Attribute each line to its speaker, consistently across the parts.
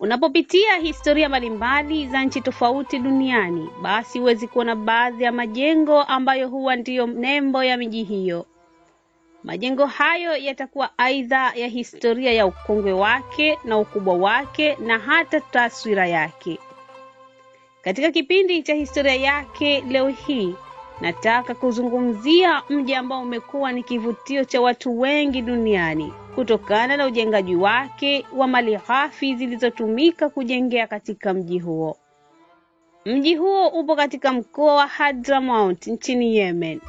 Speaker 1: Unapopitia historia mbalimbali za nchi tofauti duniani, basi huwezi kuona baadhi ya majengo ambayo huwa ndiyo nembo ya miji hiyo. Majengo hayo yatakuwa aidha ya historia ya ukongwe wake na ukubwa wake na hata taswira yake. Katika kipindi cha historia yake leo hii, nataka kuzungumzia mji ambao umekuwa ni kivutio cha watu wengi duniani kutokana na ujengaji wake wa mali ghafi zilizotumika kujengea katika mji huo. Mji huo upo katika mkoa wa Hadramaut nchini Yemen.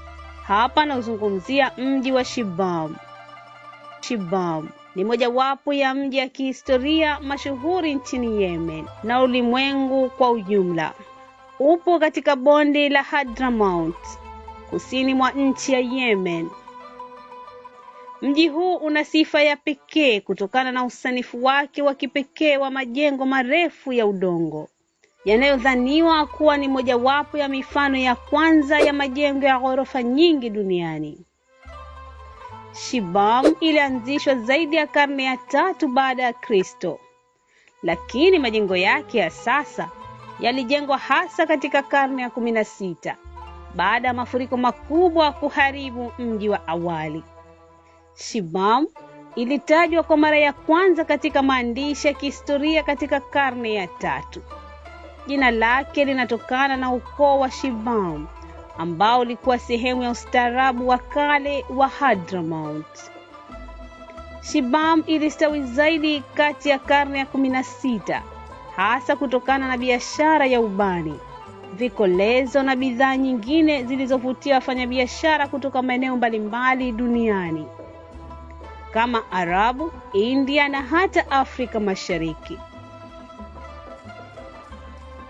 Speaker 1: Hapa nauzungumzia mji wa Shibam. Shibam ni mojawapo ya mji ya kihistoria mashuhuri nchini Yemen na ulimwengu kwa ujumla. Upo katika bonde la Hadramaut kusini mwa nchi ya Yemen. Mji huu una sifa ya pekee kutokana na usanifu wake wa kipekee wa majengo marefu ya udongo yanayodhaniwa kuwa ni mojawapo ya mifano ya kwanza ya majengo ya ghorofa nyingi duniani. Shibam ilianzishwa zaidi ya karne ya tatu baada ya Kristo, lakini majengo yake ya sasa yalijengwa hasa katika karne ya kumi na sita baada ya mafuriko makubwa kuharibu mji wa awali. Shibam ilitajwa kwa mara ya kwanza katika maandishi ya kihistoria katika karne ya tatu. Jina lake linatokana na ukoo wa Shibam ambao ulikuwa sehemu ya ustaarabu wa kale wa Hadramaut. Shibam ilistawi zaidi kati ya karne ya 16 sita hasa kutokana na biashara ya ubani, vikolezo na bidhaa nyingine zilizovutia wafanyabiashara kutoka maeneo mbalimbali duniani kama Arabu, India na hata Afrika Mashariki.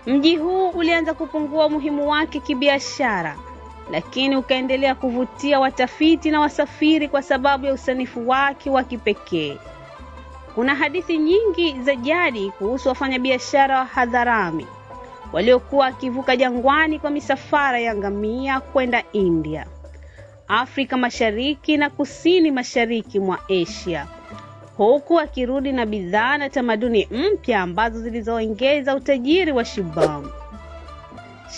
Speaker 1: Mji huu ulianza kupungua umuhimu wake kibiashara, lakini ukaendelea kuvutia watafiti na wasafiri kwa sababu ya usanifu wake wa kipekee. Kuna hadithi nyingi za jadi kuhusu wafanyabiashara wa Hadharami waliokuwa wakivuka jangwani kwa misafara ya ngamia kwenda India. Afrika Mashariki na Kusini Mashariki mwa Asia huku akirudi na bidhaa na tamaduni mpya ambazo zilizoongeza utajiri wa Shibam.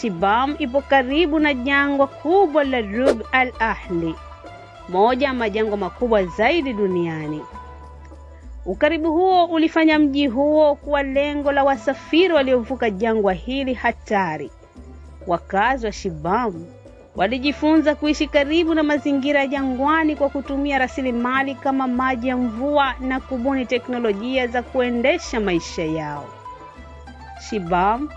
Speaker 1: Shibam ipo karibu na jangwa kubwa la Rub al Ahli, moja ya majangwa makubwa zaidi duniani. Ukaribu huo ulifanya mji huo kuwa lengo la wasafiri waliovuka jangwa hili hatari. Wakazi wa Shibam Walijifunza kuishi karibu na mazingira ya jangwani kwa kutumia rasilimali kama maji ya mvua na kubuni teknolojia za kuendesha maisha yao. Shibam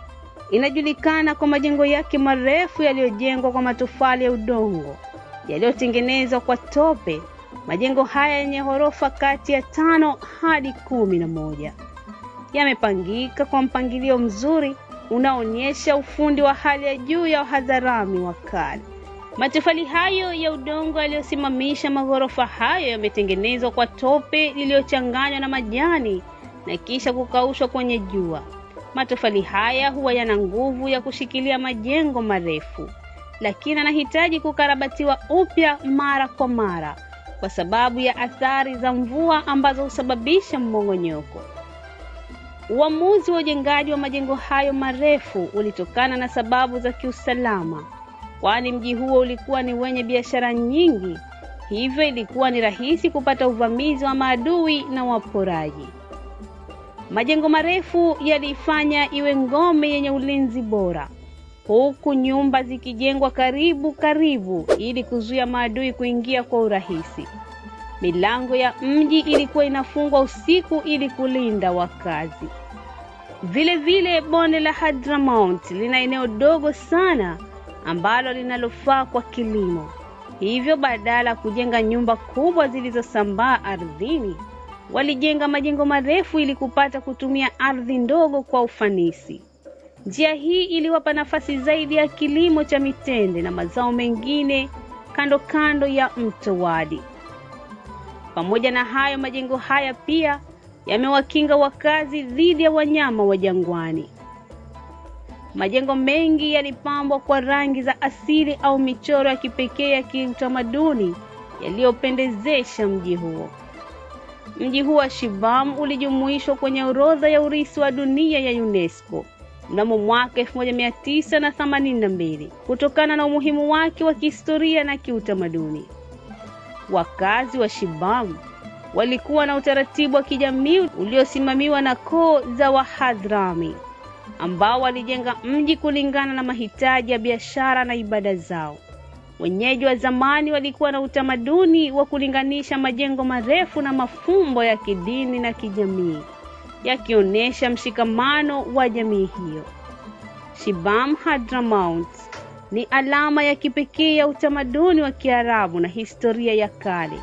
Speaker 1: inajulikana kwa majengo yake marefu yaliyojengwa kwa matofali ya udongo yaliyotengenezwa kwa tope. Majengo haya yenye ghorofa kati ya tano hadi kumi na moja yamepangika kwa mpangilio mzuri unaonyesha ufundi wa hali ya juu ya wahadharami wa kale. Matofali hayo ya udongo yaliyosimamisha maghorofa hayo yametengenezwa kwa tope iliyochanganywa na majani na kisha kukaushwa kwenye jua. Matofali haya huwa yana nguvu ya kushikilia majengo marefu, lakini anahitaji kukarabatiwa upya mara kwa mara kwa sababu ya athari za mvua ambazo husababisha mmong'onyoko. Uamuzi wa ujengaji wa majengo hayo marefu ulitokana na sababu za kiusalama, kwani mji huo ulikuwa ni wenye biashara nyingi, hivyo ilikuwa ni rahisi kupata uvamizi wa maadui na waporaji. Majengo marefu yaliifanya iwe ngome yenye ulinzi bora, huku nyumba zikijengwa karibu karibu ili kuzuia maadui kuingia kwa urahisi. Milango ya mji ilikuwa inafungwa usiku ili kulinda wakazi. Vile vile bonde la Hadramaut lina eneo dogo sana ambalo linalofaa kwa kilimo. Hivyo badala ya kujenga nyumba kubwa zilizosambaa ardhini, walijenga majengo marefu ili kupata kutumia ardhi ndogo kwa ufanisi. Njia hii iliwapa nafasi zaidi ya kilimo cha mitende na mazao mengine kando kando ya mto Wadi. Pamoja na hayo, majengo haya pia yamewakinga wakazi dhidi ya wanyama wa jangwani. Majengo mengi yalipambwa kwa rangi za asili au michoro ya kipekee ya kiutamaduni yaliyopendezesha mji huo. Mji huo wa Shibam ulijumuishwa kwenye orodha ya urithi wa dunia ya UNESCO mnamo mwaka 1982 kutokana na umuhimu wake wa kihistoria na kiutamaduni. Wakazi wa Shibam walikuwa na utaratibu wa kijamii uliosimamiwa na koo za Wahadhrami ambao walijenga mji kulingana na mahitaji ya biashara na ibada zao. Wenyeji wa zamani walikuwa na utamaduni wa kulinganisha majengo marefu na mafumbo ya kidini na kijamii, yakionyesha mshikamano wa jamii hiyo. Shibam Hadramaut ni alama ya kipekee ya utamaduni wa Kiarabu na historia ya kale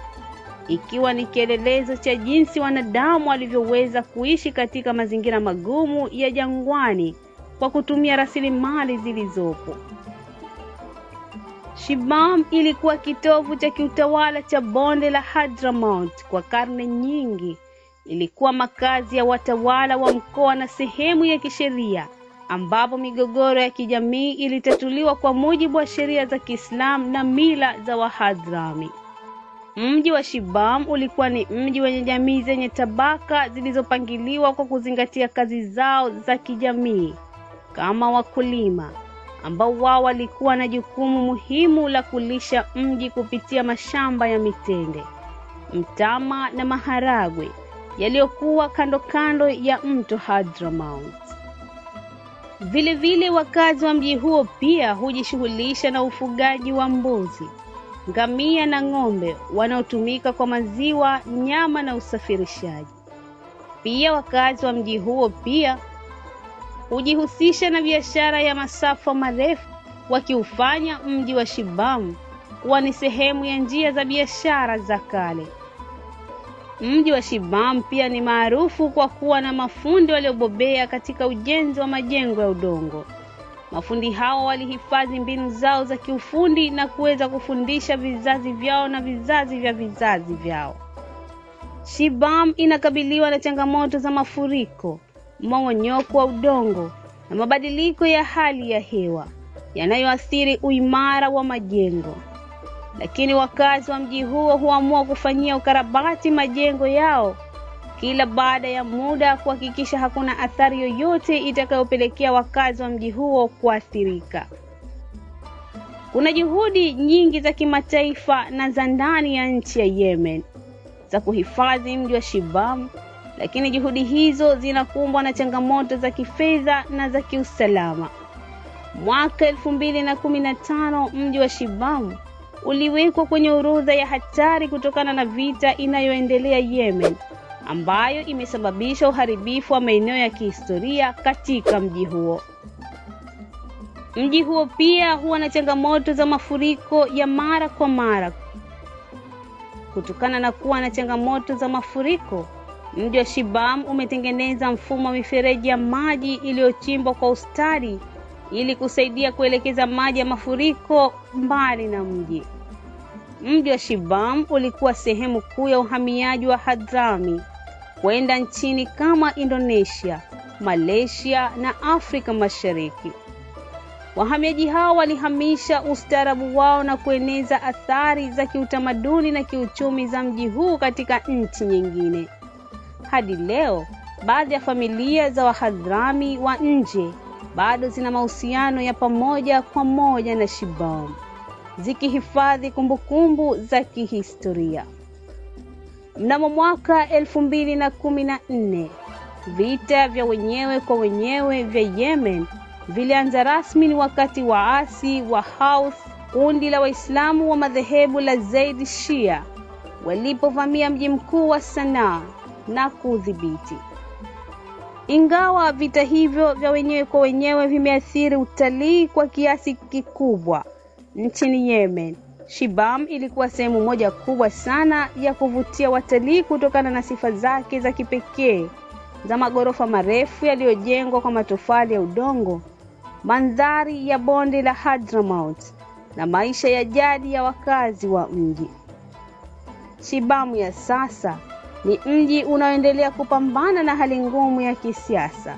Speaker 1: ikiwa ni kielelezo cha jinsi wanadamu walivyoweza kuishi katika mazingira magumu ya jangwani kwa kutumia rasilimali zilizopo. Shibam ilikuwa kitovu cha kiutawala cha bonde la Hadramaut kwa karne nyingi. Ilikuwa makazi ya watawala wa mkoa na sehemu ya kisheria ambapo migogoro ya kijamii ilitatuliwa kwa mujibu wa sheria za Kiislamu na mila za Wahadrami. Mji wa Shibam ulikuwa ni mji wenye jamii zenye tabaka zilizopangiliwa kwa kuzingatia kazi zao za kijamii kama wakulima ambao wao walikuwa na jukumu muhimu la kulisha mji kupitia mashamba ya mitende, mtama na maharagwe yaliyokuwa kando kando ya mto Hadramaut. Vilevile, wakazi wa mji huo pia hujishughulisha na ufugaji wa mbuzi ngamia na ng'ombe wanaotumika kwa maziwa, nyama na usafirishaji. Pia wakazi wa mji huo pia hujihusisha na biashara ya masafa marefu, wakiufanya mji wa Shibamu kuwa ni sehemu ya njia za biashara za kale. Mji wa Shibamu pia ni maarufu kwa kuwa na mafundi waliobobea katika ujenzi wa majengo ya udongo. Mafundi hao walihifadhi mbinu zao za kiufundi na kuweza kufundisha vizazi vyao na vizazi vya vizazi vyao. Shibam inakabiliwa na changamoto za mafuriko, mmomonyoko wa udongo na mabadiliko ya hali ya hewa yanayoathiri uimara wa majengo. Lakini wakazi wa mji huo huamua kufanyia ukarabati majengo yao kila baada ya muda kuhakikisha hakuna athari yoyote itakayopelekea wakazi wa mji huo kuathirika. Kuna juhudi nyingi za kimataifa na za ndani ya nchi ya Yemen za kuhifadhi mji wa Shibam, lakini juhudi hizo zinakumbwa na changamoto za kifedha na za kiusalama. Mwaka 2015 mji wa Shibam uliwekwa kwenye orodha ya hatari kutokana na vita inayoendelea Yemen ambayo imesababisha uharibifu wa maeneo ya kihistoria katika mji huo. Mji huo pia huwa na changamoto za mafuriko ya mara kwa mara. Kutokana na kuwa na changamoto za mafuriko, mji wa Shibam umetengeneza mfumo wa mifereji ya maji iliyochimbwa kwa ustadi ili kusaidia kuelekeza maji ya mafuriko mbali na mji. Mji wa Shibam ulikuwa sehemu kuu ya uhamiaji wa Hadrami kwenda nchini kama Indonesia, Malaysia na Afrika Mashariki. Wahamiaji hao walihamisha ustaarabu wao na kueneza athari za kiutamaduni na kiuchumi za mji huu katika nchi nyingine. Hadi leo, baadhi ya familia za Wahadhrami wa nje bado zina mahusiano ya pamoja kwa moja na Shibam, zikihifadhi kumbukumbu za kihistoria. Mnamo mwaka elfu mbili na kumi na nne vita vya wenyewe kwa wenyewe vya Yemen vilianza rasmi ni wakati waasi wa Houthi, kundi la Waislamu wa madhehebu la Zaidi Shia, walipovamia mji mkuu wa Sanaa na kuudhibiti. Ingawa vita hivyo vya wenyewe kwa wenyewe vimeathiri utalii kwa kiasi kikubwa nchini Yemen, Shibam ilikuwa sehemu moja kubwa sana ya kuvutia watalii kutokana na sifa zake za kipekee za magorofa marefu yaliyojengwa kwa matofali ya udongo, mandhari ya bonde la Hadramaut na maisha ya jadi ya wakazi wa mji. Shibam ya sasa ni mji unaoendelea kupambana na hali ngumu ya kisiasa,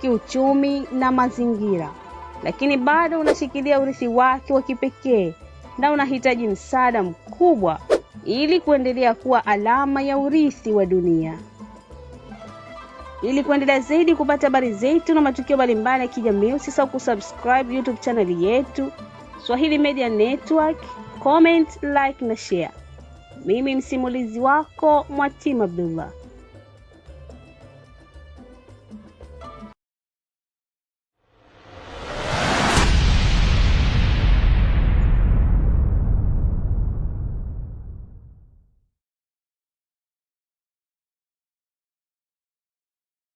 Speaker 1: kiuchumi na mazingira, lakini bado unashikilia urithi wake wa kipekee na unahitaji msaada mkubwa ili kuendelea kuwa alama ya urithi wa dunia. Ili kuendelea zaidi kupata habari zetu na matukio mbalimbali ya kijamii, usisahau kusubscribe YouTube channel yetu Swahili Media Network, comment, like na share. Mimi msimulizi wako Mwatima Abdullah.